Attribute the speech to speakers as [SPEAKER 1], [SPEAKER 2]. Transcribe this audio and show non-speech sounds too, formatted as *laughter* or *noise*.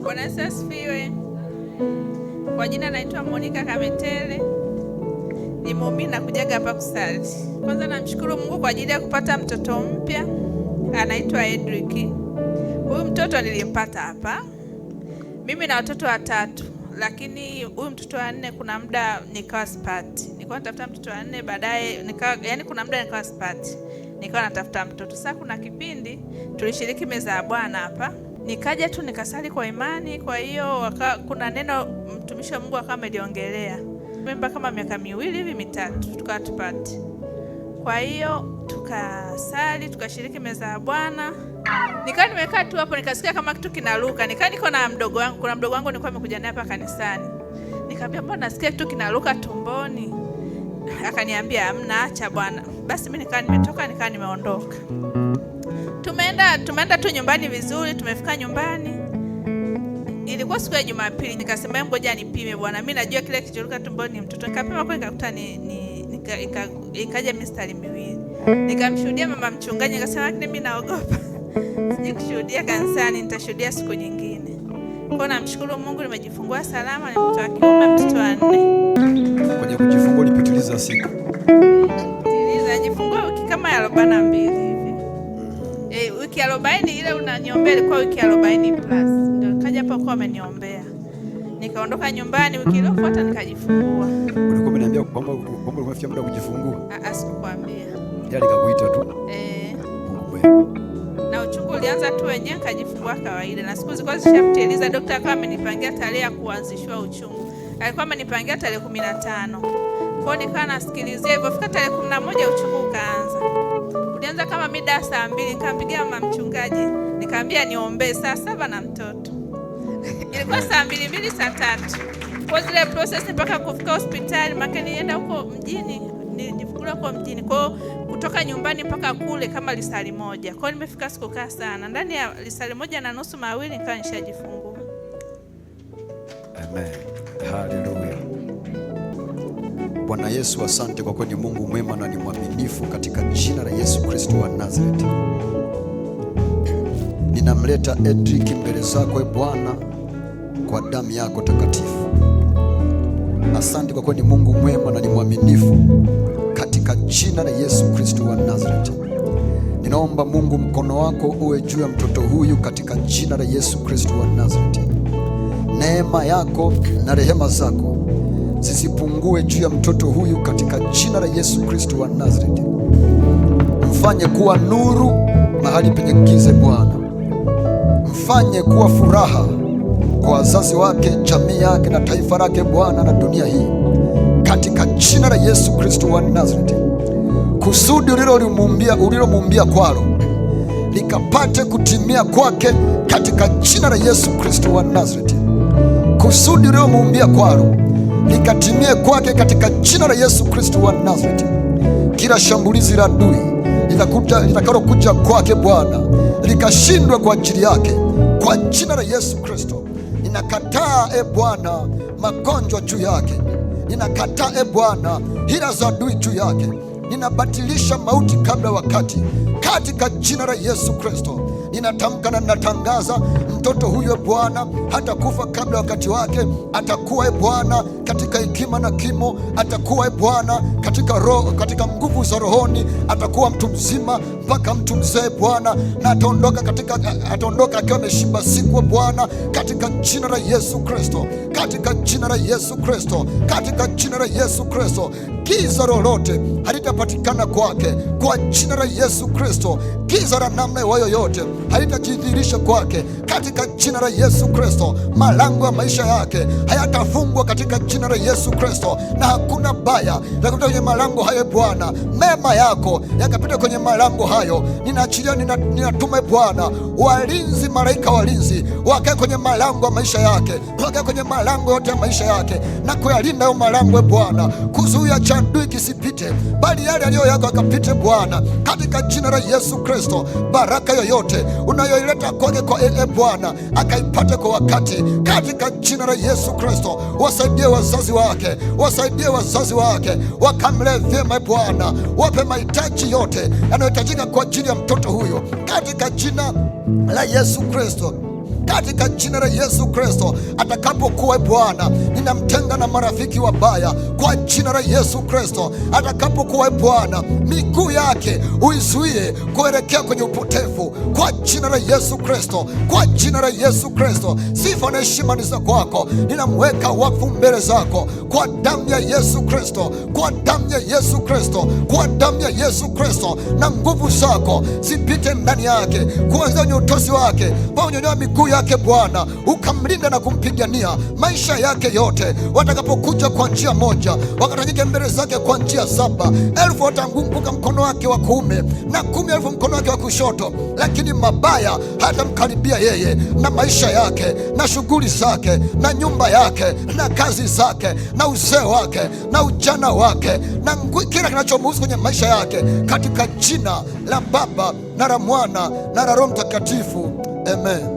[SPEAKER 1] Bwana Yesu asifiwe. Kwa jina naitwa Monica Kametele, ni muumini na kujaga hapa kusali. Kwanza namshukuru Mungu kwa ajili ya kupata mtoto mpya anaitwa Edric. Huyu mtoto nilimpata hapa, mimi na watoto watatu, lakini huyu mtoto wa nne kuna muda nikawa sipati, nilikuwa natafuta mtoto wa nne baadaye nikawa, yani kuna muda nikawa sipati, nikawa natafuta mtoto. Sasa kuna kipindi tulishiriki meza ya Bwana hapa nikaja tu nikasali kwa imani. Kwa hiyo kuna neno mtumishi wa Mungu akawa ameliongelea mimba kama miaka miwili hivi mitatu, tukawa tupate. Kwa hiyo tukasali, tukashiriki meza ya Bwana, nikaa nimekaa tu hapo, nikasikia kama kitu kinaruka. Nikaa niko na mdogo wangu, kuna mdogo wangu nilikuwa nimekuja naye hapa kanisani, nikamwambia mbona nasikia kitu kinaruka tumboni? Akaniambia amna, acha Bwana. Basi mimi nikaa nimetoka, nikaa nimeondoka tumeenda tumeenda tu nyumbani vizuri. Tumefika nyumbani, ilikuwa siku ya Jumapili, nikasema ngoja nipime bwana, mimi najua kile kichuruka tumboni ni mtoto. Nikapima kwa nikakuta ni, ni ikaja mistari miwili, nikamshuhudia mama mchungaji, nikasema lakini mimi naogopa *laughs* sije kushuhudia kanisani, nitashuhudia siku nyingine. Kwa namshukuru Mungu nimejifungua salama, ni mtoto wa kiume, mtoto wa nne.
[SPEAKER 2] Kwenye kujifungua ulipitiliza siku,
[SPEAKER 1] nilipitiliza jifungua wiki kama ya arobaini na mbili arobaini ile unaniombea ilikuwa wiki arobaini plus, ndio nikaja hapa kwa ameniombea, nikaondoka nyumbani, wiki iliyofuata nikajifungua.
[SPEAKER 2] Ulikuwa umeniambia kwamba ulikuwa umefikia muda kujifungua?
[SPEAKER 1] Ah, asikwambia ah,
[SPEAKER 2] ndio nikakuita tu
[SPEAKER 1] eh, na uchungu ulianza tu wenyewe, kajifungua kawaida, na siku zilikuwa zishamtiliza. Daktari akawa amenipangia tarehe ya kuanzishwa uchungu, alikuwa amenipangia tarehe kumi na tano kwao, nikawa nasikilizia hivyo. Fika tarehe kumi na moja uchungu ukaanza ilianza kama mida saa mbili, nikampigia mama mchungaji nikaambia niombee saa saba na mtoto *laughs* ilikuwa saa mbili mbili saa tatu kwa zile process mpaka kufika hospitali, maana nienda huko mjini, nilijifungulia kwa mjini kwao, kutoka nyumbani mpaka kule kama lisali moja kwao, nimefika sikukaa sana, ndani ya lisali moja na nusu mawili nikawa nishajifungua.
[SPEAKER 2] Amen, haleluya. Bwana Yesu, asante kwa kuwa ni Mungu mwema na ni mwaminifu. Katika jina la Yesu Kristo wa Nazareti, ninamleta Edrick mbele zako e Bwana, kwa damu yako takatifu. Asante kwa kuwa ni Mungu mwema na ni mwaminifu. Katika jina la Yesu Kristo wa Nazareti, ninaomba Mungu, mkono wako uwe juu ya mtoto huyu katika jina la Yesu Kristo wa Nazareti. Neema yako na rehema zako zisipungue juu ya mtoto huyu katika jina la Yesu Kristo wa Nazareti. Mfanye kuwa nuru mahali penye giza, Bwana. Mfanye kuwa furaha kwa wazazi wake, jamii yake na taifa lake, Bwana, na dunia hii katika jina la Yesu Kristo wa Nazareti. Kusudi ulilomuumbia ulilomuumbia kwalo likapate kutimia kwake katika jina la Yesu Kristo wa Nazareti. Kusudi ulilomuumbia kwalo likatimie kwake katika jina la Yesu Kristo wa Nazareti. Kila shambulizi la adui litakalokuja kwake Bwana likashindwe kwa ajili yake kwa jina la Yesu Kristo. Ninakataa e Bwana magonjwa juu yake, ninakataa e Bwana hila za adui juu yake, ninabatilisha mauti kabla wakati katika jina la Yesu Kristo. Ninatamka na ninatangaza mtoto huyu e Bwana hatakufa kabla wakati wake. Atakuwa e Bwana katika hekima na kimo, atakuwa e Bwana katika roho, katika nguvu za rohoni, atakuwa mtu mzima mpaka mtu mzee e Bwana, na ataondoka katika, ataondoka akiwa ameshiba siku e Bwana, katika jina la Yesu Kristo katika jina la Yesu Kristo, katika jina la Yesu Kristo, giza lolote halitapatikana kwake kwa jina la Yesu Kristo. Giza la namna yoyote halitajidhihirisha kwake katika jina la Yesu Kristo. Malango ya maisha yake hayatafungwa katika jina la Yesu Kristo, na hakuna baya yakapita kwenye malango hayo. Bwana, mema yako yakapita kwenye malango hayo. Ninaachilia, ninatuma Bwana walinzi, malaika walinzi wakae kwenye malango ya maisha yake, wakae kwenye malango malango yote ya maisha yake na kuyalinda hayo malango, ee Bwana, kuzuia cha adui kisipite, bali yale yaliyo yako akapite, Bwana, katika jina la Yesu Kristo. Baraka yoyote unayoileta kwake kwa ee, ee Bwana, akaipate kwa wakati, katika jina la Yesu Kristo. Wasaidie wazazi wake, wasaidie wazazi wake, wakamlee vyema ee Bwana, wape mahitaji yote yanayohitajika kwa ajili ya mtoto huyo, katika jina la Yesu Kristo katika jina la Yesu Kristo. Atakapokuwa Bwana, ninamtenga na marafiki wabaya kwa jina la Yesu Kristo. Atakapokuwa Bwana, miguu yake uizuie kuelekea kwenye upotevu kwa jina la Yesu Kristo, kwa jina la Yesu Kristo. Sifa na heshima ni za kwako, ninamweka wakfu mbele zako kwa damu ya Yesu Kristo, kwa damu ya Yesu Kristo, kwa damu ya Yesu Kristo, na nguvu zako zipite ndani yake, kuanzia kwenye utosi wake pa unyonyoa miguu yake Bwana, ukamlinda na kumpigania maisha yake yote. Watakapokuja kwa njia moja, wakatanyike mbele zake kwa njia saba, elfu watamkumbuka mkono wake wa kuume na kumi elfu mkono wake wa kushoto, lakini mabaya hatamkaribia yeye na maisha yake na shughuli zake na nyumba yake na kazi zake na uzee wake na ujana wake na kila kinachomuhusu kwenye maisha yake, katika jina la Baba na la Mwana na la Roho Mtakatifu, amen.